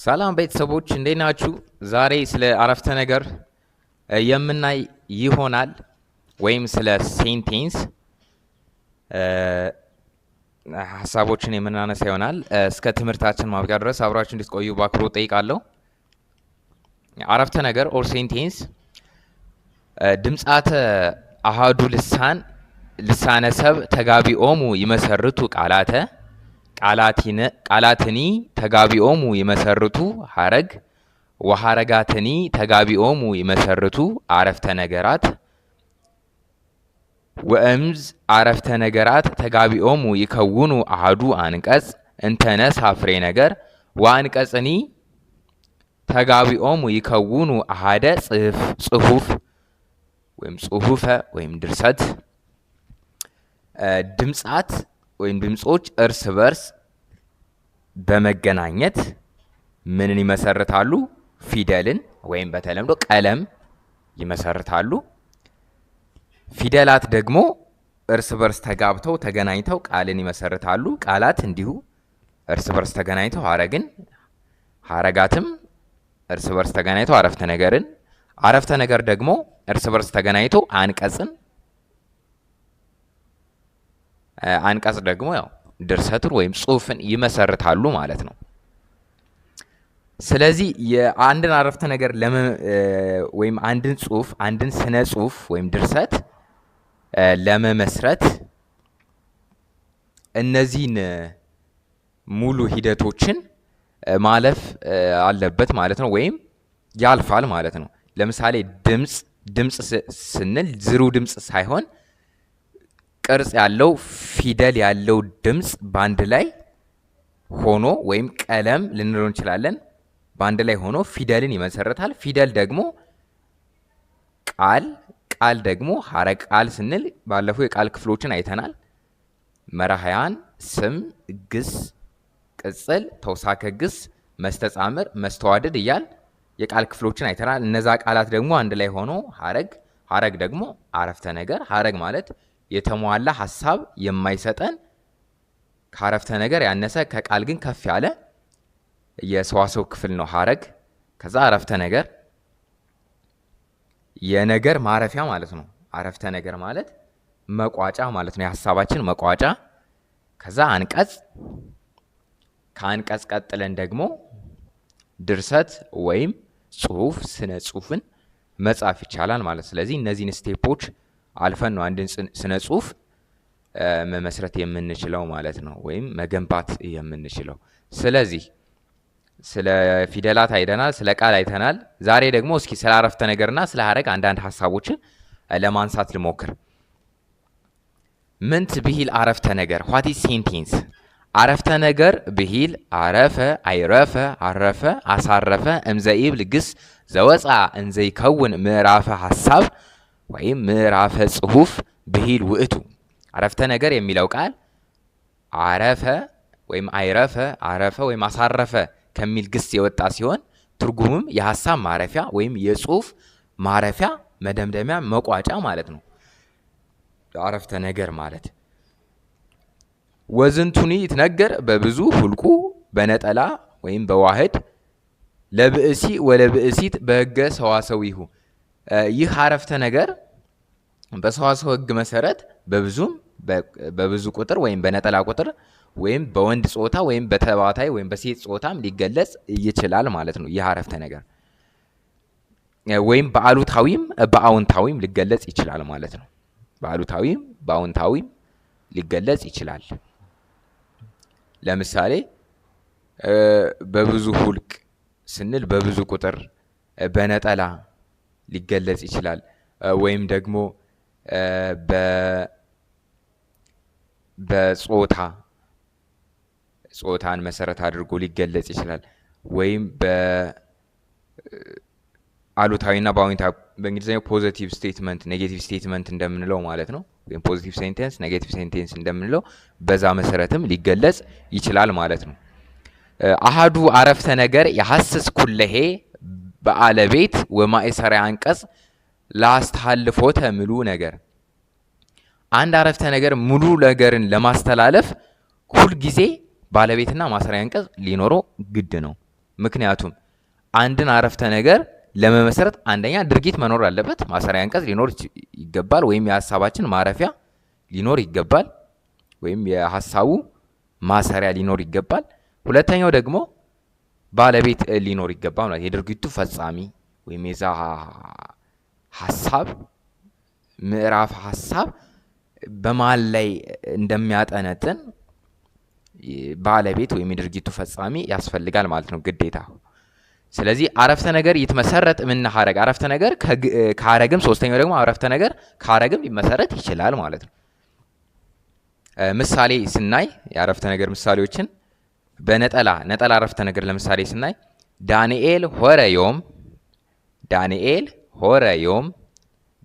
ሰላም ቤተሰቦች እንዴት ናችሁ? ዛሬ ስለ አረፍተ ነገር የምናይ ይሆናል ወይም ስለ ሴንቴንስ ሀሳቦችን የምናነሳ ይሆናል። እስከ ትምህርታችን ማብቂያ ድረስ አብራችሁ እንድትቆዩ በአክብሮት ጠይቃለሁ። አረፍተ ነገር ኦር ሴንቴንስ ድምጻተ አሃዱ ልሳን ልሳነ ሰብ ተጋቢኦሙ ይመሰርቱ ቃላተ ቃላትኒ ተጋቢኦሙ ይመሰርቱ ሀረግ ወሀረጋትኒ ተጋቢኦሙ ይመሰርቱ አረፍተ ነገራት ወእምዝ አረፍተ ነገራት ተጋቢኦሙ ይከውኑ አህዱ አንቀጽ እንተነ ሳፍሬ ነገር ወአንቀጽኒ ተጋቢኦሙ ይከውኑ አሃደ ጽሁፍ ወይም ጽሁፈ ወይም ድርሰት ድምጻት ወይም ድምጾች እርስ በርስ በመገናኘት ምንን ይመሰርታሉ? ፊደልን ወይም በተለምዶ ቀለም ይመሰርታሉ። ፊደላት ደግሞ እርስ በርስ ተጋብተው ተገናኝተው ቃልን ይመሰርታሉ። ቃላት እንዲሁ እርስ በርስ ተገናኝተው ሀረግን፣ ሀረጋትም እርስ በርስ ተገናኝተው አረፍተ ነገርን፣ አረፍተ ነገር ደግሞ እርስ በርስ ተገናኝቶ አንቀጽን፣ አንቀጽ ደግሞ ያው ድርሰትን ወይም ጽሁፍን ይመሰርታሉ ማለት ነው። ስለዚህ የአንድን አረፍተ ነገር ወይም አንድን ጽሁፍ አንድን ስነ ጽሁፍ ወይም ድርሰት ለመመስረት እነዚህን ሙሉ ሂደቶችን ማለፍ አለበት ማለት ነው፣ ወይም ያልፋል ማለት ነው። ለምሳሌ ድምፅ ድምፅ ስንል ዝሩ ድምፅ ሳይሆን ቅርጽ ያለው ፊደል ያለው ድምፅ በአንድ ላይ ሆኖ ወይም ቀለም ልንለው እንችላለን። በአንድ ላይ ሆኖ ፊደልን ይመሰርታል። ፊደል ደግሞ ቃል፣ ቃል ደግሞ ሀረግ ቃል ስንል ባለፈው የቃል ክፍሎችን አይተናል። መራህያን፣ ስም፣ ግስ፣ ቅጽል፣ ተውሳከ ግስ፣ መስተጻምር፣ መስተዋደድ እያል የቃል ክፍሎችን አይተናል። እነዛ ቃላት ደግሞ አንድ ላይ ሆኖ ሀረግ፣ ሀረግ ደግሞ አረፍተ ነገር፣ ሀረግ ማለት የተሟላ ሀሳብ የማይሰጠን ከአረፍተ ነገር ያነሰ ከቃል ግን ከፍ ያለ የሰዋሰው ክፍል ነው ሀረግ። ከዛ አረፍተ ነገር የነገር ማረፊያ ማለት ነው። አረፍተ ነገር ማለት መቋጫ ማለት ነው። የሀሳባችን መቋጫ። ከዛ አንቀጽ፣ ከአንቀጽ ቀጥለን ደግሞ ድርሰት ወይም ጽሁፍ፣ ስነ ጽሁፍን መጻፍ ይቻላል ማለት ስለዚህ እነዚህን ስቴፖች አልፈን ነው አንድን ስነ ጽሁፍ መመስረት የምንችለው ማለት ነው፣ ወይም መገንባት የምንችለው። ስለዚህ ስለ ፊደላት አይተናል፣ ስለ ቃል አይተናል። ዛሬ ደግሞ እስኪ ስለ አረፍተ ነገርና ስለ ሀረግ አንዳንድ ሀሳቦችን ለማንሳት ልሞክር። ምንት ብሂል አረፍተ ነገር ኋት ኢዝ ሴንቴንስ አረፍተ ነገር ብሂል አረፈ፣ አይረፈ፣ አረፈ፣ አሳረፈ እምዘይብል ግስ ዘወፃ እንዘይከውን ምዕራፈ ሀሳብ ወይም ምዕራፈ ጽሁፍ ብሂል ውእቱ አረፍተ ነገር የሚለው ቃል አረፈ ወይም አይረፈ አረፈ ወይም አሳረፈ ከሚል ግስ የወጣ ሲሆን ትርጉምም የሀሳብ ማረፊያ ወይም የጽሁፍ ማረፊያ መደምደሚያ መቋጫ ማለት ነው። አረፍተ ነገር ማለት ወዝንቱኒ ይትነገር በብዙ ሁልቁ በነጠላ ወይም በዋህድ ለብእሲ ወለብእሲት በህገ ይሁ። ይህ አረፍተ ነገር በሰዋሰው ህግ መሰረት በብዙም በብዙ ቁጥር ወይም በነጠላ ቁጥር ወይም በወንድ ጾታ ወይም በተባታይ ወይም በሴት ጾታም ሊገለጽ ይችላል ማለት ነው። ይህ አረፍተ ነገር ወይም በአሉታዊም በአውንታዊም ሊገለጽ ይችላል ማለት ነው። በአሉታዊም በአውንታዊም ሊገለጽ ይችላል። ለምሳሌ በብዙ ሁልቅ ስንል በብዙ ቁጥር፣ በነጠላ ሊገለጽ ይችላል። ወይም ደግሞ በጾታ ጾታን መሰረት አድርጎ ሊገለጽ ይችላል። ወይም በአሉታዊና በአዎንታ በእንግሊዝኛው ፖዘቲቭ ስቴትመንት ኔጌቲቭ ስቴትመንት እንደምንለው ማለት ነው። ወይም ፖዘቲቭ ሴንቴንስ ኔጌቲቭ ሴንቴንስ እንደምንለው በዛ መሰረትም ሊገለጽ ይችላል ማለት ነው። አሃዱ አረፍተ ነገር የሐስስ ኩለሄ በአለቤት ወማእሰሪያ አንቀጽ ላስተሃልፎተ ተምሉ ነገር አንድ አረፍተ ነገር ሙሉ ነገርን ለማስተላለፍ ሁልጊዜ ባለቤትና ማሰሪያ አንቀጽ ሊኖረው ግድ ነው። ምክንያቱም አንድን አረፍተ ነገር ለመመሰረት አንደኛ ድርጊት መኖር አለበት፣ ማሰሪያ አንቀጽ ሊኖር ይገባል። ወይም የሀሳባችን ማረፊያ ሊኖር ይገባል። ወይም የሀሳቡ ማሰሪያ ሊኖር ይገባል። ሁለተኛው ደግሞ ባለቤት ሊኖር ይገባል ማለት የድርጊቱ ፈጻሚ ወይም የዛ ሀሳብ ምዕራፍ ሀሳብ በማን ላይ እንደሚያጠነጥን ባለቤት ወይም የድርጊቱ ፈጻሚ ያስፈልጋል ማለት ነው ግዴታ። ስለዚህ አረፍተ ነገር ይትመሰረት እምነ ሀረግ አረፍተ ነገር ከሀረግም፣ ሶስተኛው ደግሞ አረፍተ ነገር ከሀረግም ሊመሰረት ይችላል ማለት ነው። ምሳሌ ስናይ የአረፍተ ነገር ምሳሌዎችን በነጠላ ነጠላ አረፍተ ነገር ለምሳሌ ስናይ ዳንኤል ሆረ ዮም ዳንኤል ሆረ ዮም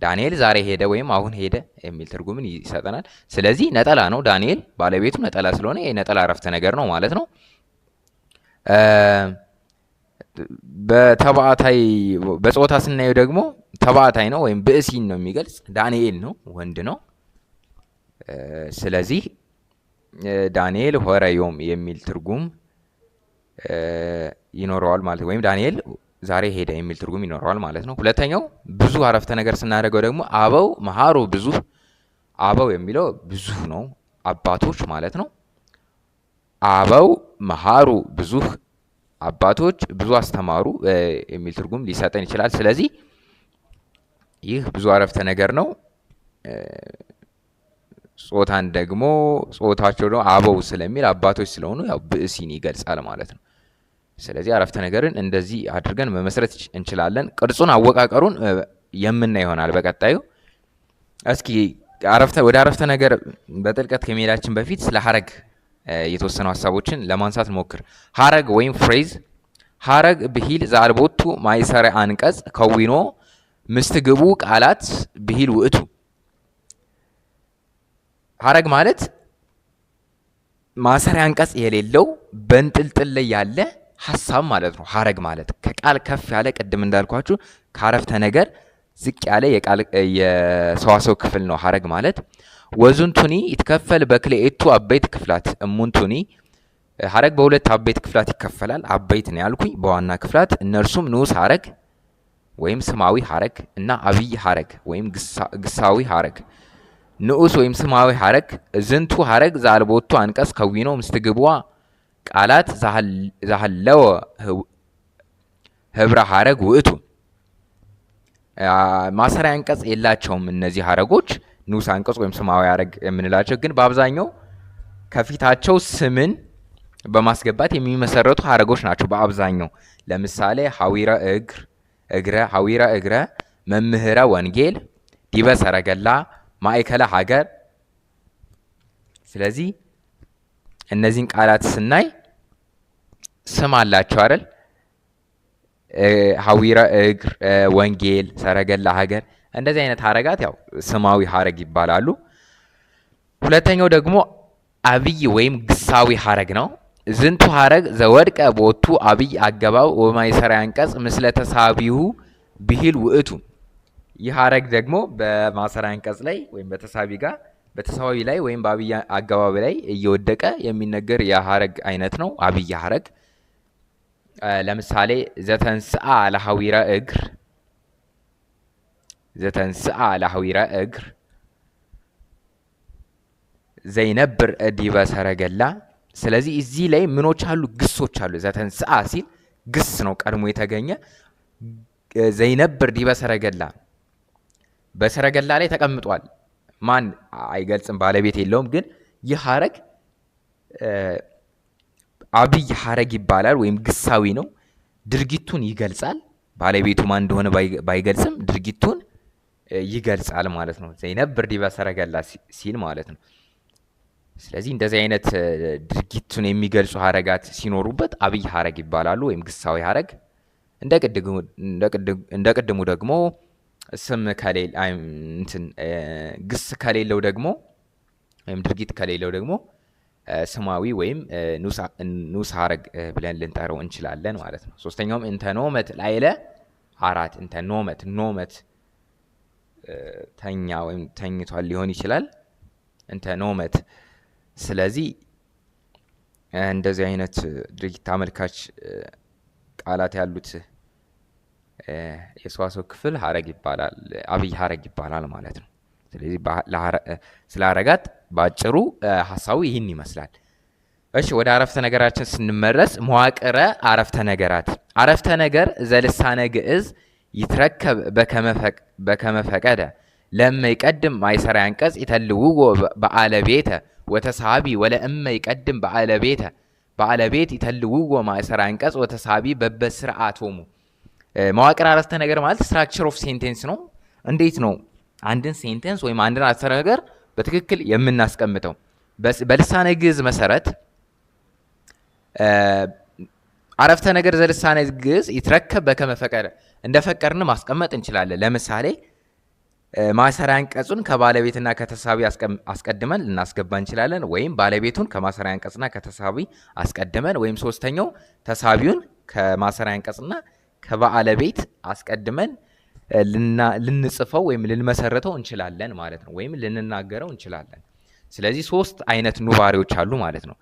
ዳንኤል ዛሬ ሄደ ወይም አሁን ሄደ የሚል ትርጉምን ይሰጠናል። ስለዚህ ነጠላ ነው። ዳንኤል ባለቤቱ ነጠላ ስለሆነ የነጠላ አረፍተ ነገር ነው ማለት ነው። በተባታይ በጾታ ስናየው ደግሞ ተባታይ ነው ወይም ብእሲን ነው የሚገልጽ። ዳንኤል ነው ወንድ ነው። ስለዚህ ዳንኤል ሆረዮም የሚል ትርጉም ይኖረዋል ማለት ነው። ወይም ዳንኤል ዛሬ ሄደ የሚል ትርጉም ይኖረዋል ማለት ነው። ሁለተኛው ብዙ አረፍተ ነገር ስናደርገው ደግሞ አበው መሃሮ ብዙ፣ አበው የሚለው ብዙ ነው፣ አባቶች ማለት ነው። አበው መሃሩ ብዙ አባቶች ብዙ አስተማሩ የሚል ትርጉም ሊሰጠን ይችላል። ስለዚህ ይህ ብዙ አረፍተ ነገር ነው። ጾታን ደግሞ ጾታቸው ደግሞ አበው ስለሚል አባቶች ስለሆኑ ያው ብእሲን ይገልጻል ማለት ነው። ስለዚህ አረፍተ ነገርን እንደዚህ አድርገን መመስረት እንችላለን። ቅርጹን አወቃቀሩን የምና ይሆናል በቀጣዩ። እስኪ አረፍተ ወደ አረፍተ ነገር በጥልቀት ከመሄዳችን በፊት ስለ ሀረግ የተወሰኑ ሀሳቦችን ለማንሳት ሞክር። ሀረግ ወይም ፍሬዝ ሀረግ ብሂል ዘአልቦቱ ማእሰረ አንቀጽ ከዊኖ ምስትግቡ ቃላት ብሂል ውእቱ ሀረግ ማለት ማሰሪያ አንቀጽ የሌለው በንጥልጥል ላይ ያለ ሀሳብ ማለት ነው። ሀረግ ማለት ከቃል ከፍ ያለ ቅድም እንዳልኳችሁ ከአረፍተ ነገር ዝቅ ያለ የሰዋሰው ክፍል ነው። ሀረግ ማለት ወዙንቱኒ ይትከፈል በክልኤቱ አበይት ክፍላት እሙንቱኒ። ሀረግ በሁለት አበይት ክፍላት ይከፈላል። አበይት ነው ያልኩኝ በዋና ክፍላት እነርሱም ንዑስ ሀረግ ወይም ስማዊ ሀረግ እና አብይ ሀረግ ወይም ግሳዊ ሀረግ። ንዑስ ወይም ስማዊ ሐረግ እዝንቱ ሐረግ ዛልቦቱ አንቀጽ ከዊኖ ምስትግብዋ ቃላት ዛሃለወ ህብረ ሐረግ ውእቱ ማሰሪያ አንቀጽ የላቸውም። እነዚህ ሐረጎች ንዑስ አንቀጽ ወይም ስማዊ ሐረግ የምንላቸው ግን በአብዛኛው ከፊታቸው ስምን በማስገባት የሚመሰረቱ ሐረጎች ናቸው። በአብዛኛው ለምሳሌ ሐዊረ እግር እግረ ሐዊረ እግረ መምህረ ወንጌል ዲበ ሰረገላ ማዕከለ ሀገር። ስለዚህ እነዚህን ቃላት ስናይ ስም አላቸው አይደል? ሀዊረ እግር፣ ወንጌል፣ ሰረገላ ሀገር እንደዚህ አይነት ሀረጋት ያው ስማዊ ሀረግ ይባላሉ። ሁለተኛው ደግሞ አብይ ወይም ግሳዊ ሀረግ ነው። ዝንቱ ሀረግ ዘወድቀ ቦቱ አብይ አገባብ ወማይሰራ አንቀጽ ምስለ ተሳቢሁ ብሂል ውእቱ ይህ ሀረግ ደግሞ በማሰሪያ አንቀጽ ላይ ወይም በተሳቢ ጋር በተሳዋዊ ላይ ወይም በአብይ አገባቢ ላይ እየወደቀ የሚነገር የሀረግ አይነት ነው። አብይ ሀረግ ለምሳሌ ዘተንስአ ለሀዊረ እግር፣ ዘተንስአ ለሀዊረ እግር ዘይነብር እዲበ ሰረገላ። ስለዚህ እዚህ ላይ ምኖች አሉ? ግሶች አሉ። ዘተንስአ ሲል ግስ ነው ቀድሞ የተገኘ ዘይነብር ዲበ ሰረገላ በሰረገላ ላይ ተቀምጧል። ማን አይገልጽም፣ ባለቤት የለውም። ግን ይህ ሀረግ አብይ ሀረግ ይባላል ወይም ግሳዊ ነው። ድርጊቱን ይገልጻል። ባለቤቱ ማን እንደሆነ ባይገልጽም ድርጊቱን ይገልጻል ማለት ነው። ዘይነብ ብርድ በሰረገላ ሲል ማለት ነው። ስለዚህ እንደዚህ አይነት ድርጊቱን የሚገልጹ ሀረጋት ሲኖሩበት አብይ ሀረግ ይባላሉ ወይም ግሳዊ ሀረግ። እንደ ቅድሙ ደግሞ ስም እንትን ግስ ከሌለው ደግሞ ወይም ድርጊት ከሌለው ደግሞ ስማዊ ወይም ኑስ ሐረግ ብለን ልንጠረው እንችላለን ማለት ነው። ሶስተኛውም እንተ ኖመት ላይለ አራት እንተ ኖመት ኖመት ተኛ ወይም ተኝቷል ሊሆን ይችላል። እንተ ኖመት። ስለዚህ እንደዚህ አይነት ድርጊት አመልካች ቃላት ያሉት የሰዋሰው ክፍል ሀረግ ይባላል። አብይ ሀረግ ይባላል ማለት ነው። ስለዚህ ስለ ሀረጋት በአጭሩ ሀሳቡ ይህን ይመስላል። እሺ ወደ አረፍተ ነገራችን ስንመረስ መዋቅረ አረፍተ ነገራት አረፍተ ነገር ዘልሳነ ግዕዝ ይትረከብ በከመፈቀደ ለእመ ይቀድም ማይሰራ አንቀጽ ይተልውዎ በአለ ቤተ ወተሳቢ ወለ እመ ይቀድም በአለ ቤተ በአለ ቤት ይተልውዎ ማይሰራ አንቀጽ ወተሳቢ በበስርአቶሙ መዋቅር አረስተ ነገር ማለት ስትራክቸር ኦፍ ሴንቴንስ ነው። እንዴት ነው አንድን ሴንቴንስ ወይም አንድን አረፍተ ነገር በትክክል የምናስቀምጠው? በልሳነ ግዕዝ መሰረት አረፍተ ነገር ዘልሳነ ግዕዝ ይትረከብ በከመ ፈቀደ፣ እንደፈቀርን ማስቀመጥ እንችላለን። ለምሳሌ ማሰሪያ አንቀጹን ከባለቤትና ከተሳቢ አስቀድመን ልናስገባ እንችላለን። ወይም ባለቤቱን ከማሰሪያ አንቀጽና ከተሳቢ አስቀድመን ወይም ሶስተኛው ተሳቢውን ከማሰሪያ አንቀጽና ከባለቤት አስቀድመን ልንጽፈው ወይም ልንመሰረተው እንችላለን ማለት ነው፣ ወይም ልንናገረው እንችላለን። ስለዚህ ሶስት አይነት ኑባሪዎች አሉ ማለት ነው።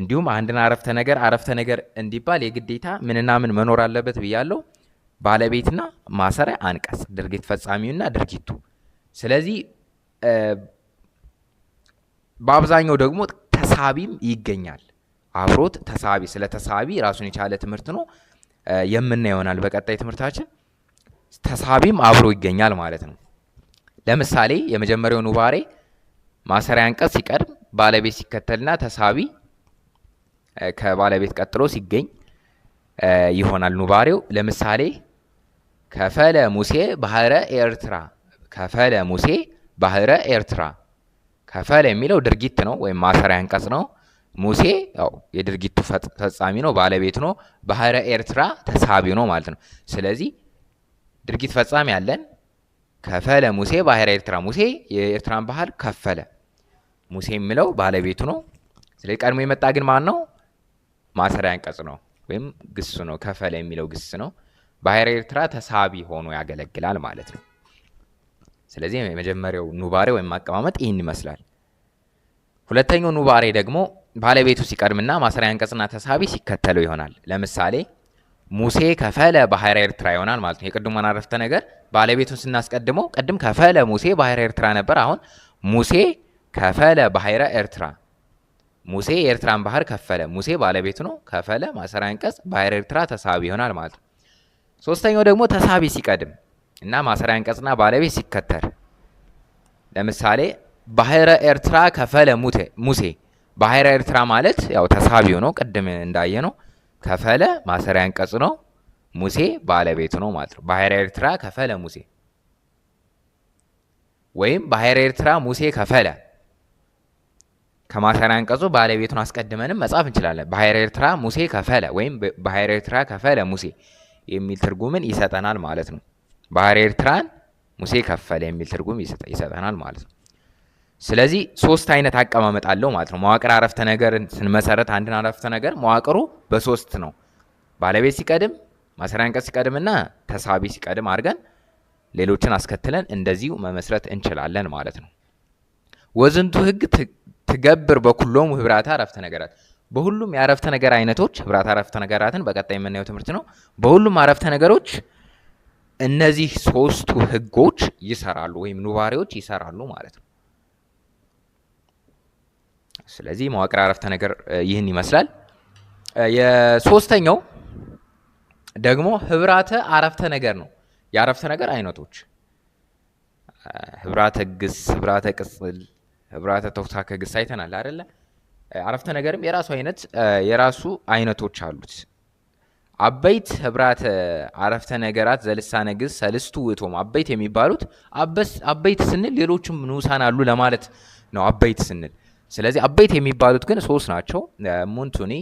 እንዲሁም አንድን አረፍተ ነገር አረፍተ ነገር እንዲባል የግዴታ ምንና ምን መኖር አለበት ብያለው። ባለቤትና ማሰሪያ አንቀጽ፣ ድርጊት ፈጻሚውና ድርጊቱ። ስለዚህ በአብዛኛው ደግሞ ተሳቢም ይገኛል አብሮት ተሳቢ። ስለ ተሳቢ ራሱን የቻለ ትምህርት ነው። የምና ይሆናል በቀጣይ ትምህርታችን። ተሳቢም አብሮ ይገኛል ማለት ነው። ለምሳሌ የመጀመሪያው ኑባሬ ማሰሪያ አንቀጽ ሲቀድም ባለቤት ሲከተልና ተሳቢ ከባለቤት ቀጥሎ ሲገኝ ይሆናል ኑባሬው። ለምሳሌ ከፈለ ሙሴ ባህረ ኤርትራ፣ ከፈለ ሙሴ ባህረ ኤርትራ። ከፈለ የሚለው ድርጊት ነው ወይም ማሰሪያ አንቀጽ ነው። ሙሴ ያው የድርጊቱ ፈጻሚ ነው፣ ባለቤት ነው። ባህረ ኤርትራ ተሳቢ ነው ማለት ነው። ስለዚህ ድርጊት ፈጻሚ ያለን ከፈለ ሙሴ ባህረ ኤርትራ። ሙሴ የኤርትራን ባህር ከፈለ። ሙሴ የሚለው ባለቤቱ ነው። ስለዚህ ቀድሞ የመጣ ግን ማን ነው? ማሰሪያ አንቀጽ ነው ወይም ግስ ነው። ከፈለ የሚለው ግስ ነው። ባህረ ኤርትራ ተሳቢ ሆኖ ያገለግላል ማለት ነው። ስለዚህ የመጀመሪያው ኑባሬ ወይም አቀማመጥ ይህን ይመስላል። ሁለተኛው ኑባሬ ደግሞ ባለቤቱ ሲቀድምና ማሰሪያ አንቀጽና ተሳቢ ሲከተለው ይሆናል። ለምሳሌ ሙሴ ከፈለ ባህረ ኤርትራ ይሆናል ማለት ነው። የቅድሙን አረፍተ ነገር ባለቤቱን ስናስቀድመው ቅድም ከፈለ ሙሴ ባህረ ኤርትራ ነበር። አሁን ሙሴ ከፈለ ባህረ ኤርትራ፣ ሙሴ የኤርትራን ባህር ከፈለ። ሙሴ ባለቤቱ ነው። ከፈለ ማሰሪያ አንቀጽ ባህረ ኤርትራ ተሳቢ ይሆናል ማለት ነው። ሶስተኛው ደግሞ ተሳቢ ሲቀድም እና ማሰሪያ አንቀጽና ባለቤት ሲከተል ለምሳሌ ባህረ ኤርትራ ከፈለ ሙሴ ባህር ኤርትራ ማለት ያው ተሳቢው ነው። ቅድም እንዳየ ነው። ከፈለ ማሰሪያ አንቀጽ ነው። ሙሴ ባለቤቱ ነው ማለት ነው። ባህር ኤርትራ ከፈለ ሙሴ ወይም ባህር ኤርትራ ሙሴ ከፈለ ከማሰሪያ አንቀጹ ባለቤቱን አስቀድመንም መጻፍ እንችላለን። ባሕረ ኤርትራ ሙሴ ከፈለ ወይም ባህር ኤርትራ ከፈለ ሙሴ የሚል ትርጉምን ይሰጠናል ማለት ነው። ባህር ኤርትራን ሙሴ ከፈለ የሚል ትርጉም ይሰጠናል ማለት ነው። ስለዚህ ሶስት አይነት አቀማመጥ አለው ማለት ነው። መዋቅር አረፍተ ነገርን ስንመሰረት አንድን አረፍተ ነገር መዋቅሩ በሶስት ነው። ባለቤት ሲቀድም፣ ማሰሪያ አንቀጽ ሲቀድምና ተሳቢ ሲቀድም አድርገን ሌሎችን አስከትለን እንደዚሁ መመስረት እንችላለን ማለት ነው። ወዝንቱ ህግ ትገብር በኩሎም ህብራተ አረፍተ ነገራት በሁሉም የአረፍተ ነገር አይነቶች ህብራት አረፍተ ነገራትን በቀጣይ የምናየው ትምህርት ነው። በሁሉም አረፍተ ነገሮች እነዚህ ሶስቱ ህጎች ይሰራሉ ወይም ኑባሬዎች ይሰራሉ ማለት ነው። ስለዚህ መዋቅር አረፍተ ነገር ይህን ይመስላል። የሶስተኛው ደግሞ ህብራተ አረፍተ ነገር ነው። የአረፍተ ነገር አይነቶች ህብራተ ግስ፣ ህብራተ ቅጽል፣ ህብራተ ተውሳከ ግስ አይተናል አይደለ? አረፍተ ነገርም የራሱ አይነት የራሱ አይነቶች አሉት። አበይት ህብራተ አረፍተ ነገራት ዘልሳነ ግስ ሰልስቱ ውእቶም አበይት የሚባሉት አበይት ስንል ሌሎችም ንዑሳን አሉ ለማለት ነው። አበይት ስንል ስለዚህ አበይት የሚባሉት ግን ሶስት ናቸው። ሙንቱኒ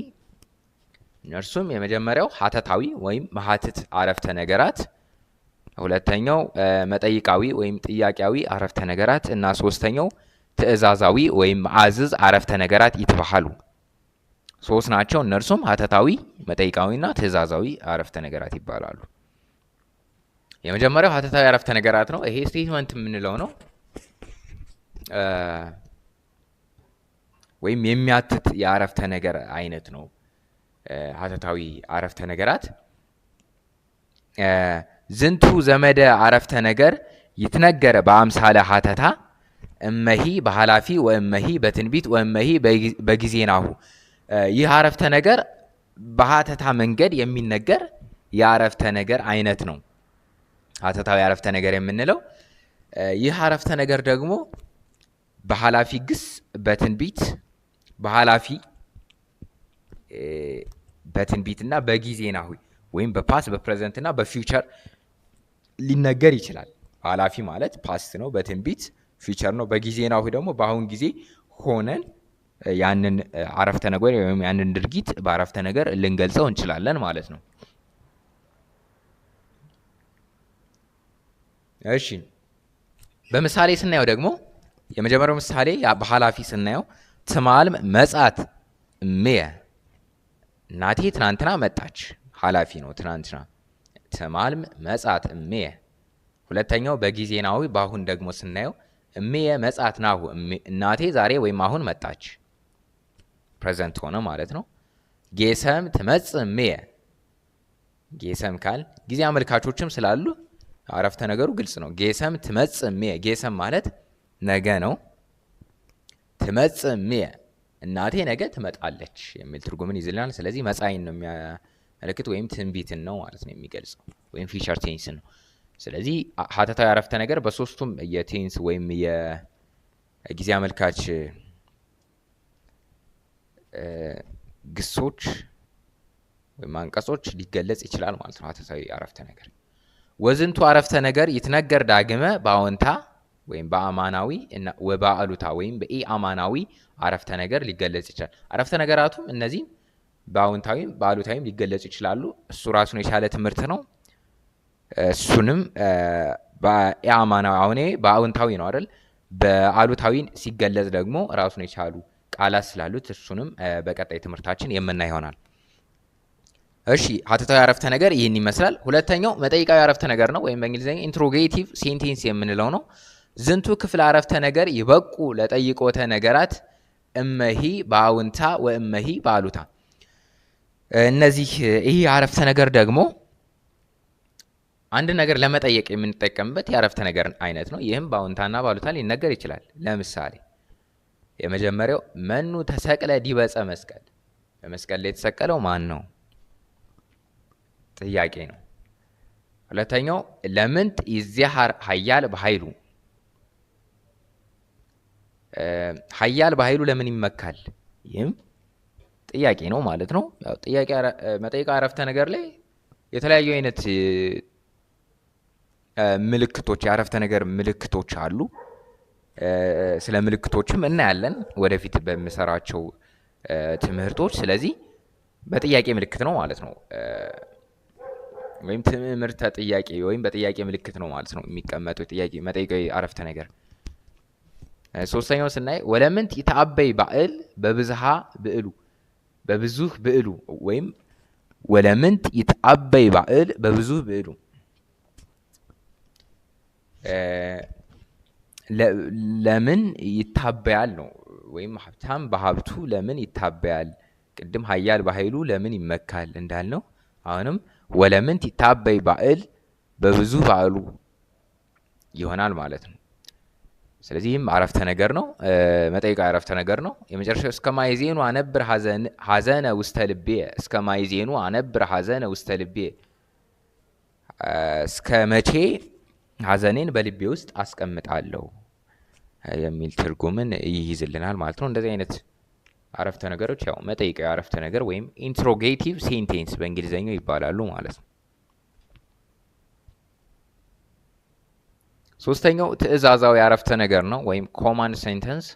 እነርሱም የመጀመሪያው ሀተታዊ ወይም መሀትት አረፍተ ነገራት፣ ሁለተኛው መጠይቃዊ ወይም ጥያቄያዊ አረፍተ ነገራት እና ሶስተኛው ትዕዛዛዊ ወይም መአዝዝ አረፍተ ነገራት ይትባሃሉ። ሶስት ናቸው። እነርሱም ሀተታዊ፣ መጠይቃዊና ትዕዛዛዊ አረፍተ ነገራት ይባላሉ። የመጀመሪያው ሀተታዊ አረፍተ ነገራት ነው። ይሄ ስቴትመንት የምንለው ነው። ወይም የሚያትት የአረፍተ ነገር አይነት ነው። ሀተታዊ አረፍተ ነገራት ዝንቱ ዘመደ አረፍተ ነገር ይትነገረ በአምሳለ ሀተታ እመሂ በሀላፊ ወእመሂ በትንቢት ወእመሂ በጊዜናሁ። ይህ አረፍተ ነገር በሀተታ መንገድ የሚነገር የአረፍተ ነገር አይነት ነው። ሀተታዊ አረፍተ ነገር የምንለው ይህ አረፍተ ነገር ደግሞ በኃላፊ ግስ፣ በትንቢት በኃላፊ በትንቢትና በጊዜናሁ ወይም በፓስ በፕሬዘንትና በፊውቸር ሊነገር ይችላል። ኃላፊ ማለት ፓስት ነው፣ በትንቢት ፊውቸር ነው። በጊዜናሁ ደግሞ በአሁን ጊዜ ሆነን ያንን አረፍተ ነገር ወይም ያንን ድርጊት በአረፍተ ነገር ልንገልጸው እንችላለን ማለት ነው። እሺ በምሳሌ ስናየው ደግሞ የመጀመሪያው ምሳሌ በኃላፊ ስናየው ትማልም መጻት እምየ እናቴ ትናንትና መጣች። ኃላፊ ነው ትናንትና። ትማልም መጻት እምየ። ሁለተኛው በጊዜናዊ በአሁን ደግሞ ስናየው እምየ መጻት ናሁ፣ እናቴ ዛሬ ወይም አሁን መጣች። ፕሬዘንት ሆነ ማለት ነው። ጌሰም ትመጽ እምየ። ጌሰም ካል ጊዜ አመልካቾችም ስላሉ አረፍተ ነገሩ ግልጽ ነው። ጌሰም ትመጽ እምየ። ጌሰም ማለት ነገ ነው። ትመጽእ እምየ እናቴ ነገ ትመጣለች የሚል ትርጉምን ይዝልናል። ስለዚህ መጻይን ነው የሚያመለክት ወይም ትንቢትን ነው ማለት ነው የሚገልጸው ወይም ፊቸር ቴንስ ነው። ስለዚህ ሀተታዊ አረፍተ ነገር በሶስቱም የቴንስ ወይም የጊዜ አመልካች ግሶች ወይም አንቀጾች ሊገለጽ ይችላል ማለት ነው ሀተታዊ አረፍተ ነገር። ወዝንቱ አረፍተ ነገር ይትነገር ዳግመ በአዎንታ ወይም በአማናዊ ወበአሉታ ወይም በኢ አማናዊ አረፍተ ነገር ሊገለጽ ይችላል። አረፍተ ነገራቱም እነዚህም በአዎንታዊም በአሉታዊም ሊገለጹ ይችላሉ። እሱ ራሱን የቻለ ትምህርት ነው። እሱንም በአማናዊ አሁን በአውንታዊ ነው አይደል? በአሉታዊ ሲገለጽ ደግሞ ራሱን የቻሉ ቃላት ስላሉት እሱንም በቀጣይ ትምህርታችን የምና ይሆናል። እሺ ሀተታዊ አረፍተ ነገር ይህን ይመስላል። ሁለተኛው መጠይቃዊ አረፍተ ነገር ነው፣ ወይም በእንግሊዝኛ ኢንትሮጌቲቭ ሴንቴንስ የምንለው ነው። ዝንቱ ክፍል አረፍተ ነገር ይበቁ ለጠይቆተ ነገራት እመሂ በአውንታ ወእመሂ በአሉታ። እነዚህ ይህ አረፍተ ነገር ደግሞ አንድ ነገር ለመጠየቅ የምንጠቀምበት የአረፍተ ነገር አይነት ነው። ይህም በአውንታና በአሉታ ሊነገር ይችላል። ለምሳሌ የመጀመሪያው መኑ ተሰቅለ ዲበፀ መስቀል፣ በመስቀል ላይ የተሰቀለው ማን ነው? ጥያቄ ነው። ሁለተኛው ለምንት ይዚያሃር ሀያል በኃይሉ ሀያል በኃይሉ ለምን ይመካል? ይህም ጥያቄ ነው ማለት ነው። ያው ጥያቄ መጠይቅ አረፍተ ነገር ላይ የተለያዩ አይነት ምልክቶች የአረፍተ ነገር ምልክቶች አሉ። ስለ ምልክቶችም እናያለን ወደፊት በምሰራቸው ትምህርቶች። ስለዚህ በጥያቄ ምልክት ነው ማለት ነው ወይም ትምህርተ ጥያቄ ወይም በጥያቄ ምልክት ነው ማለት ነው የሚቀመጡ ጥያቄ መጠይቃዊ አረፍተ ነገር ሶስተኛው ስናይ ወለምንት ይታበይ ባእል በብዝሃ ብዕሉ በብዙህ ብዕሉ ወይም ወለምንት ይታበይ ባእል በብዙህ ብዕሉ ለምን ይታበያል ነው ወይም ሀብታም በሀብቱ ለምን ይታበያል? ቅድም ሀያል በኃይሉ ለምን ይመካል ነው አሁንም ወለምንት ይታበይ ባእል በብዙ ባዕሉ ይሆናል ማለት ነው። ስለዚህም አረፍተ ነገር ነው፣ መጠይቃ አረፍተ ነገር ነው። የመጨረሻው እስከ ማይዜኑ አነብር ሀዘነ ውስተ ልቤ፣ እስከ ማይዜኑ አነብር ሀዘነ ውስተ ልቤ፣ እስከ መቼ ሀዘኔን በልቤ ውስጥ አስቀምጣለሁ የሚል ትርጉምን ይይዝልናል ማለት ነው። እንደዚህ አይነት አረፍተ ነገሮች ያው መጠይቃዊ አረፍተ ነገር ወይም ኢንትሮጌቲቭ ሴንቴንስ በእንግሊዝኛው ይባላሉ ማለት ነው። ሶስተኛው ትእዛዛዊ አረፍተ ነገር ነው ወይም ኮማንድ ሴንተንስ።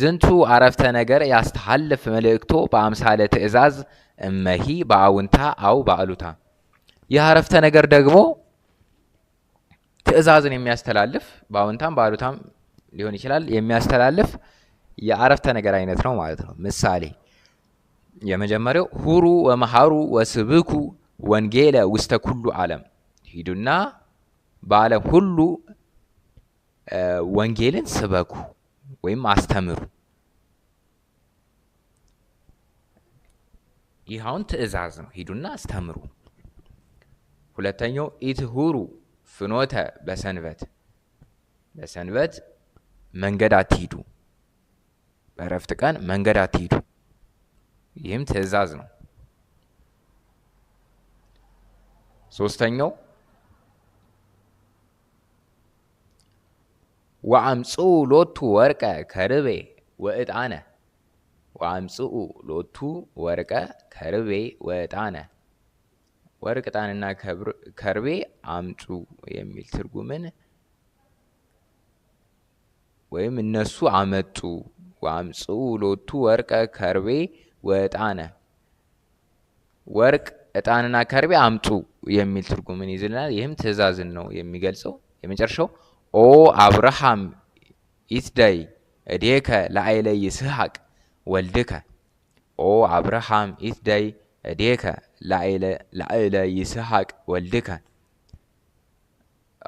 ዝንቱ አረፍተ ነገር ያስተሐልፍ መልእክቶ በአምሳለ ትእዛዝ እመሂ በአውንታ አው በአሉታ። ይህ አረፍተ ነገር ደግሞ ትእዛዝን የሚያስተላልፍ በአውንታም በአሉታም ሊሆን ይችላል የሚያስተላልፍ የአረፍተ ነገር አይነት ነው ማለት ነው። ምሳሌ የመጀመሪያው ሁሩ ወመሃሩ ወስብኩ ወንጌለ ውስተ ኩሉ ዓለም ሂዱና በዓለም ሁሉ ወንጌልን ስበኩ ወይም አስተምሩ። ይህ አሁን ትእዛዝ ነው፣ ሂዱና አስተምሩ። ሁለተኛው ኢትሁሩ ፍኖተ በሰንበት በሰንበት መንገድ አትሂዱ፣ በእረፍት ቀን መንገድ አትሂዱ። ይህም ትእዛዝ ነው። ሶስተኛው ወአምጽኡ ሎቱ ወርቀ ከርቤ ወእጣነ ወአምጽኡ ሎቱ ወርቀ ከርቤ ወእጣነ ወርቅ እጣንና ከርቤ አምጡ የሚል ትርጉምን ወይም እነሱ አመጡ። ወአምጽኡ ሎቱ ወርቀ ከርቤ ወእጣነ ወርቅ እጣንና ከርቤ አምጡ የሚል ትርጉምን ይዝልናል። ይህም ትእዛዝን ነው የሚገልጸው። የመጨረሻው ኦ አብርሃም ኢትደይ እዴከ ለአይለ ይስሐቅ ወልድከ ኦ አብርሃም ኢትደይ እዴከ ለአይለ ይስሐቅ ወልድከ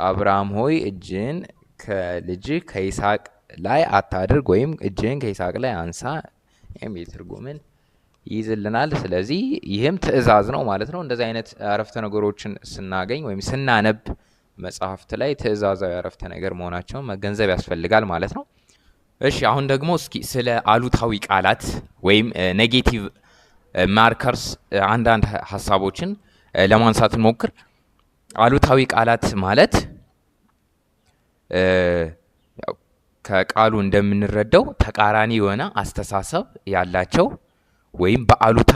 አብርሃም ሆይ እጅን ከልጅ ከይስሐቅ ላይ አታድርግ ወይም እጅን ከይስሐቅ ላይ አንሳ የሚል ትርጉምን ይይዝልናል። ስለዚህ ይህም ትእዛዝ ነው ማለት ነው። እንደዚህ አይነት አረፍተ ነገሮችን ስናገኝ ወይም ስናነብ መጽሐፍት ላይ ትእዛዛዊ አረፍተ ነገር መሆናቸውን መገንዘብ ያስፈልጋል ማለት ነው። እሺ አሁን ደግሞ እስኪ ስለ አሉታዊ ቃላት ወይም ኔጌቲቭ ማርከርስ አንዳንድ ሀሳቦችን ለማንሳት እንሞክር። አሉታዊ ቃላት ማለት ከቃሉ እንደምንረዳው ተቃራኒ የሆነ አስተሳሰብ ያላቸው ወይም በአሉታ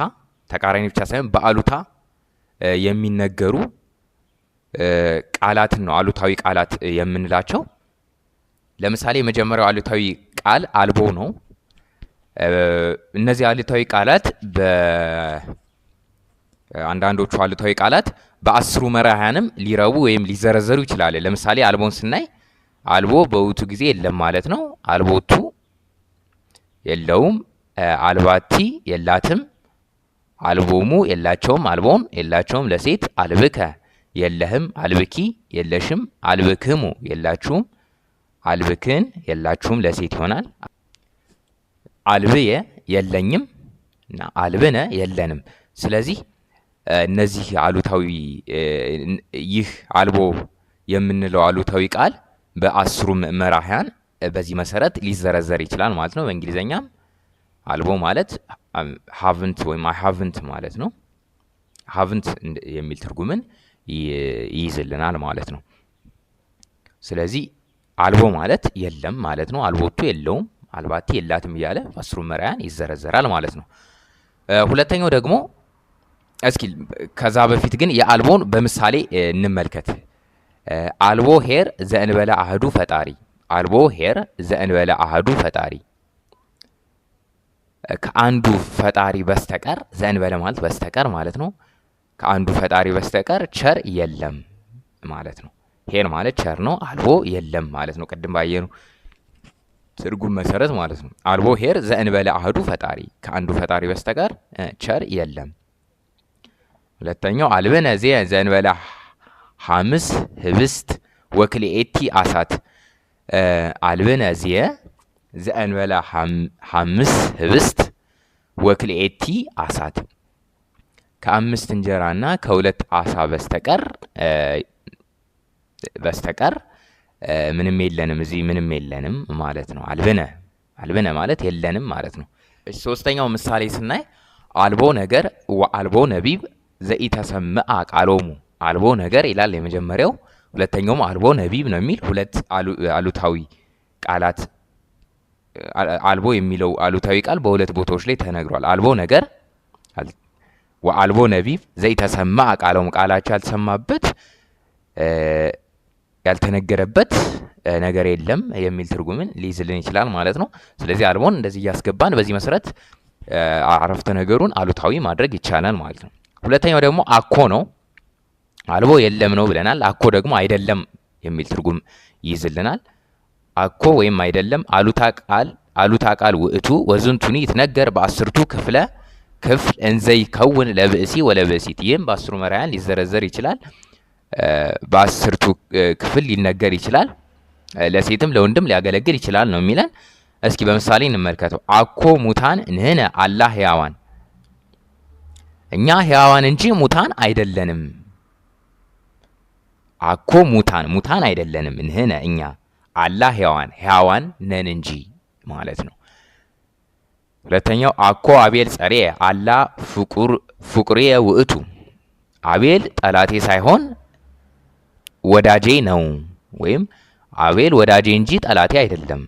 ተቃራኒ ብቻ ሳይሆን በአሉታ የሚነገሩ ቃላትን ነው አሉታዊ ቃላት የምንላቸው። ለምሳሌ የመጀመሪያው አሉታዊ ቃል አልቦ ነው። እነዚህ አሉታዊ ቃላት በአንዳንዶቹ አሉታዊ ቃላት በአስሩ መራህያንም ሊረቡ ወይም ሊዘረዘሩ ይችላል። ለምሳሌ አልቦን ስናይ አልቦ በውቱ ጊዜ የለም ማለት ነው። አልቦቱ የለውም፣ አልባቲ የላትም፣ አልቦሙ የላቸውም፣ አልቦም የላቸውም፣ ለሴት አልብከ የለህም፣ አልብኪ የለሽም፣ አልብክሙ የላችሁም፣ አልብክን የላችሁም ለሴት ይሆናል። አልብየ የለኝም እና አልብነ የለንም። ስለዚህ እነዚህ አሉታዊ ይህ አልቦ የምንለው አሉታዊ ቃል በአስሩም መራህያን በዚህ መሰረት ሊዘረዘር ይችላል ማለት ነው። በእንግሊዝኛም አልቦ ማለት ሀቭንት ወይም አይ ሀቭንት ማለት ነው። ሀቭንት የሚል ትርጉምን ይይዝልናል ማለት ነው። ስለዚህ አልቦ ማለት የለም ማለት ነው። አልቦቱ የለውም፣ አልባቲ የላትም እያለ ፈስሩ መራያን ይዘረዘራል ማለት ነው። ሁለተኛው ደግሞ እስኪ ከዛ በፊት ግን የአልቦን በምሳሌ እንመልከት። አልቦ ሄር ዘእንበለ አህዱ ፈጣሪ፣ አልቦ ሄር ዘእንበለ አህዱ ፈጣሪ፣ ከአንዱ ፈጣሪ በስተቀር ዘእንበለ ማለት በስተቀር ማለት ነው ከአንዱ ፈጣሪ በስተቀር ቸር የለም ማለት ነው። ሄን ማለት ቸር ነው፣ አልቦ የለም ማለት ነው። ቅድም ባየነው ትርጉም መሰረት ማለት ነው። አልቦ ሄር ዘእንበለ አህዱ ፈጣሪ፣ ከአንዱ ፈጣሪ በስተቀር ቸር የለም። ሁለተኛው አልብነ ዜ ዘእንበለ ሐምስ ህብስት ወክልኤቲ አሳት አልብነ ዜ ዘእንበለ ሐምስ ህብስት ወክልኤቲ አሳት ከአምስት እንጀራና ከሁለት አሳ በስተቀር በስተቀር ምንም የለንም፣ እዚህ ምንም የለንም ማለት ነው። አልብነ አልብነ ማለት የለንም ማለት ነው። ሶስተኛው ምሳሌ ስናይ አልቦ ነገር ወአልቦ ነቢብ ዘኢተሰምአ ቃሎሙ። አልቦ ነገር ይላል የመጀመሪያው፣ ሁለተኛውም አልቦ ነቢብ ነው የሚል ሁለት አሉታዊ ቃላት አልቦ የሚለው አሉታዊ ቃል በሁለት ቦታዎች ላይ ተነግሯል። አልቦ ነገር ወአልቦ ነቢብ ዘይተሰማ ቃለውም ቃላቸው ያልተሰማበት ያልተነገረበት ነገር የለም የሚል ትርጉምን ሊይዝልን ይችላል ማለት ነው። ስለዚህ አልቦን እንደዚህ እያስገባን በዚህ መሰረት አረፍተ ነገሩን አሉታዊ ማድረግ ይቻላል ማለት ነው። ሁለተኛው ደግሞ አኮ ነው። አልቦ የለም ነው ብለናል። አኮ ደግሞ አይደለም የሚል ትርጉም ይይዝልናል። አኮ ወይም አይደለም አሉታ ቃል አሉታ ቃል ውእቱ ወዝንቱኒ ይትነገር በአስርቱ ክፍለ ክፍል እንዘይከውን ለብእሲ ወለብእሲት ይህም በአስሩ መራያን ሊዘረዘር ይችላል። በአስርቱ ክፍል ሊነገር ይችላል። ለሴትም ለወንድም ሊያገለግል ይችላል ነው የሚለን። እስኪ በምሳሌ እንመልከተው። አኮ ሙታን ንህነ አላ ሕያዋን፣ እኛ ህያዋን እንጂ ሙታን አይደለንም። አኮ ሙታን ሙታን አይደለንም፣ ንህነ እኛ አላ ህያዋን ህያዋን ነን እንጂ ማለት ነው። ሁለተኛው አኮ አቤል ጸሬ አላ ፍቁሬ ውእቱ፣ አቤል ጠላቴ ሳይሆን ወዳጄ ነው ወይም አቤል ወዳጄ እንጂ ጠላቴ አይደለም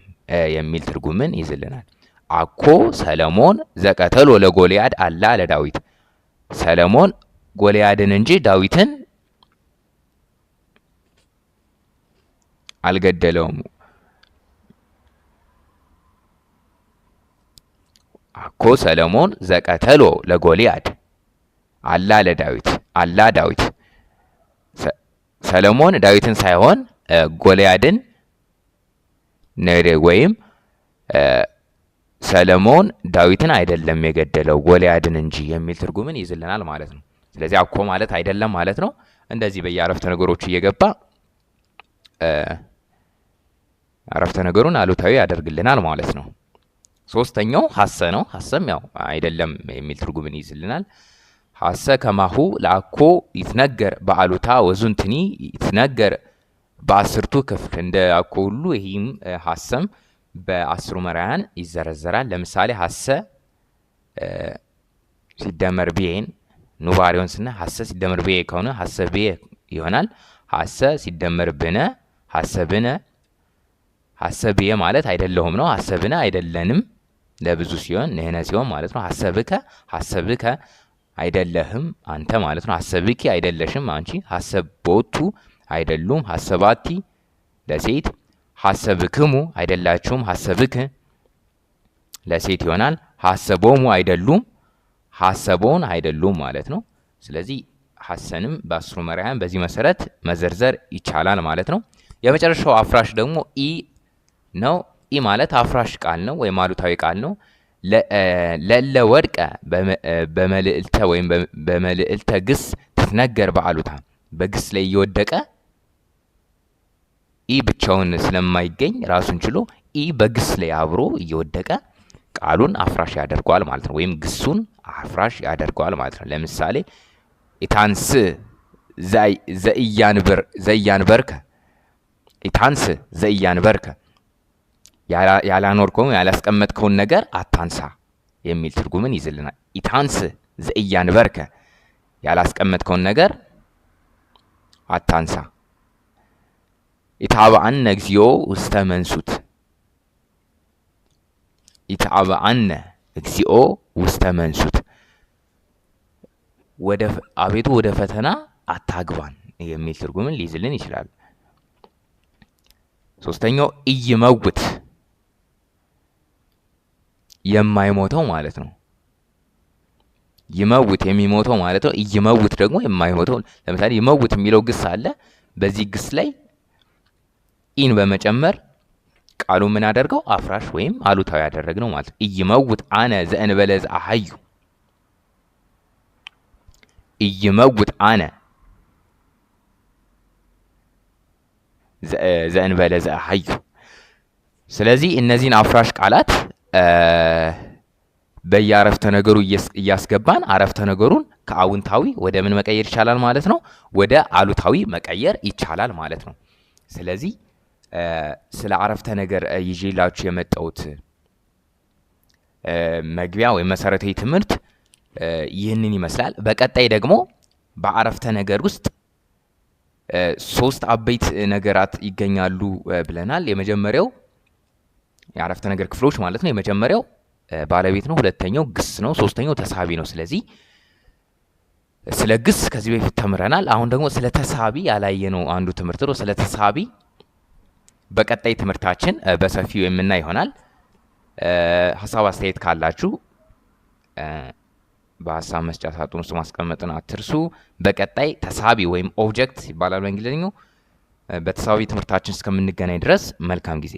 የሚል ትርጉምን ይዝልናል። አኮ ሰለሞን ዘቀተሎ ለጎልያድ አላ ለዳዊት፣ ሰለሞን ጎልያድን እንጂ ዳዊትን አልገደለውም። አኮ ሰለሞን ዘቀተሎ ለጎልያድ አላ ለዳዊት አላ ዳዊት ሰለሞን ዳዊትን ሳይሆን ጎልያድን ወይም ሰለሞን ዳዊትን አይደለም የገደለው ጎልያድን እንጂ የሚል ትርጉምን ይይዝልናል ማለት ነው። ስለዚህ አኮ ማለት አይደለም ማለት ነው። እንደዚህ በየአረፍተ ነገሮቹ እየገባ አረፍተ ነገሩን አሉታዊ ያደርግልናል ማለት ነው። ሶስተኛው ሀሰ ነው። ሀሰም ያው አይደለም የሚል ትርጉምን ይይዝልናል። ሀሰ ከማሁ ለአኮ ይትነገር በአሉታ ወዙንትኒ ይትነገር በአስርቱ ክፍል እንደ አኮ ሁሉ ይህም ሀሰም በአስሩ መራያን ይዘረዘራል። ለምሳሌ ሀሰ ሲደመር ብኤን ኑባሪውን ስና ሀሰ ሲደመር ብኤ ከሆነ ሀሰ ብኤ ይሆናል። ሀሰ ሲደመር ብነ ሀሰ ብነ ሀሰ ብዬ ማለት አይደለሁም ነው። ሀሰ ብነ አይደለንም ለብዙ ሲሆን ንህነ ሲሆን ማለት ነው። ሀሰብከ ሀሰብከ አይደለህም አንተ ማለት ነው። ሀሰብኪ አይደለሽም አንቺ። ሀሰቦቱ አይደሉም ሀሰባቲ ለሴት ሀሰብክሙ አይደላችሁም ሀሰብክ ለሴት ይሆናል። ሀሰቦሙ አይደሉም ሀሰቦን አይደሉም ማለት ነው። ስለዚህ ሀሰንም በአስሩ መራያን በዚህ መሰረት መዘርዘር ይቻላል ማለት ነው። የመጨረሻው አፍራሽ ደግሞ ኢ ነው። ኢ ማለት አፍራሽ ቃል ነው ወይም አሉታዊ ቃል ነው። ለለ ወድቀ በመልዕልተ ወይም በመልዕልተ ግስ ትትነገር በአሉታ በግስ ላይ እየወደቀ ኢ ብቻውን ስለማይገኝ ራሱን ችሎ ኢ በግስ ላይ አብሮ እየወደቀ ቃሉን አፍራሽ ያደርገዋል ማለት ነው። ወይም ግሱን አፍራሽ ያደርገዋል ማለት ነው። ለምሳሌ ኢታንስ ዘእያንበርከ ኢታንስ ዘእያንበርከ ያላኖርከውን ያላስቀመጥከውን ነገር አታንሳ የሚል ትርጉምን ይዝልናል። ኢታንስ በርከ ያላስቀመጥከውን ነገር አታንሳ። ኢታብአነ እግዚኦ ውስተ መንሱት ኢታብአነ እግዚኦ ውስተ መንሱት አቤቱ ወደ ፈተና አታግባን የሚል ትርጉምን ሊይዝልን ይችላል። ሶስተኛው ኢይመውት የማይሞተው ማለት ነው። ይመውት የሚሞተው ማለት ነው። ይመውት ደግሞ የማይሞተው። ለምሳሌ ይመውት የሚለው ግስ አለ። በዚህ ግስ ላይ ኢን በመጨመር ቃሉ ምን አደርገው አፍራሽ ወይም አሉታዊ ነው ማለት ነው። እይመውት አነ ዘእንበለ ዘአሐዩ ይመውት አነ ዘእንበለ ዘአሐዩ። ስለዚህ እነዚህን አፍራሽ ቃላት በየአረፍተ ነገሩ እያስገባን አረፍተ ነገሩን ከአውንታዊ ወደ ምን መቀየር ይቻላል ማለት ነው፣ ወደ አሉታዊ መቀየር ይቻላል ማለት ነው። ስለዚህ ስለ አረፍተ ነገር ይዤላችሁ የመጣሁት መግቢያ ወይም መሰረታዊ ትምህርት ይህንን ይመስላል። በቀጣይ ደግሞ በአረፍተ ነገር ውስጥ ሶስት አበይት ነገራት ይገኛሉ ብለናል። የመጀመሪያው የአረፍተ ነገር ክፍሎች ማለት ነው። የመጀመሪያው ባለቤት ነው፣ ሁለተኛው ግስ ነው፣ ሶስተኛው ተሳቢ ነው። ስለዚህ ስለ ግስ ከዚህ በፊት ተምረናል። አሁን ደግሞ ስለ ተሳቢ ያላየነው አንዱ ትምህርት ነው። ስለ ተሳቢ በቀጣይ ትምህርታችን በሰፊው የምና ይሆናል። ሀሳብ አስተያየት ካላችሁ በሀሳብ መስጫ ሳጥን ውስጥ ማስቀመጥን አትርሱ። በቀጣይ ተሳቢ ወይም ኦብጀክት ይባላል በእንግሊዝኛው። በተሳቢ ትምህርታችን እስከምንገናኝ ድረስ መልካም ጊዜ